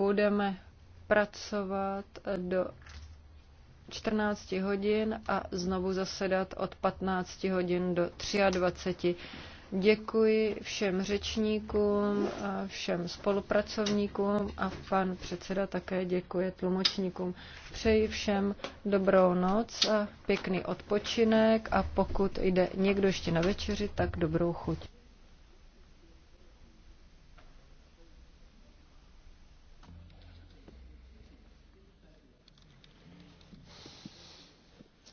budeme pracovat do 14 hodin a znovu zasedat od 15 hodin do 23. Děkuji všem řečníkům, všem spolupracovníkům a pan předseda také děkuje tlumočníkům. Přeji všem dobrou noc a pěkný odpočinek a pokud jde někdo ještě na večeři, tak dobrou chuť.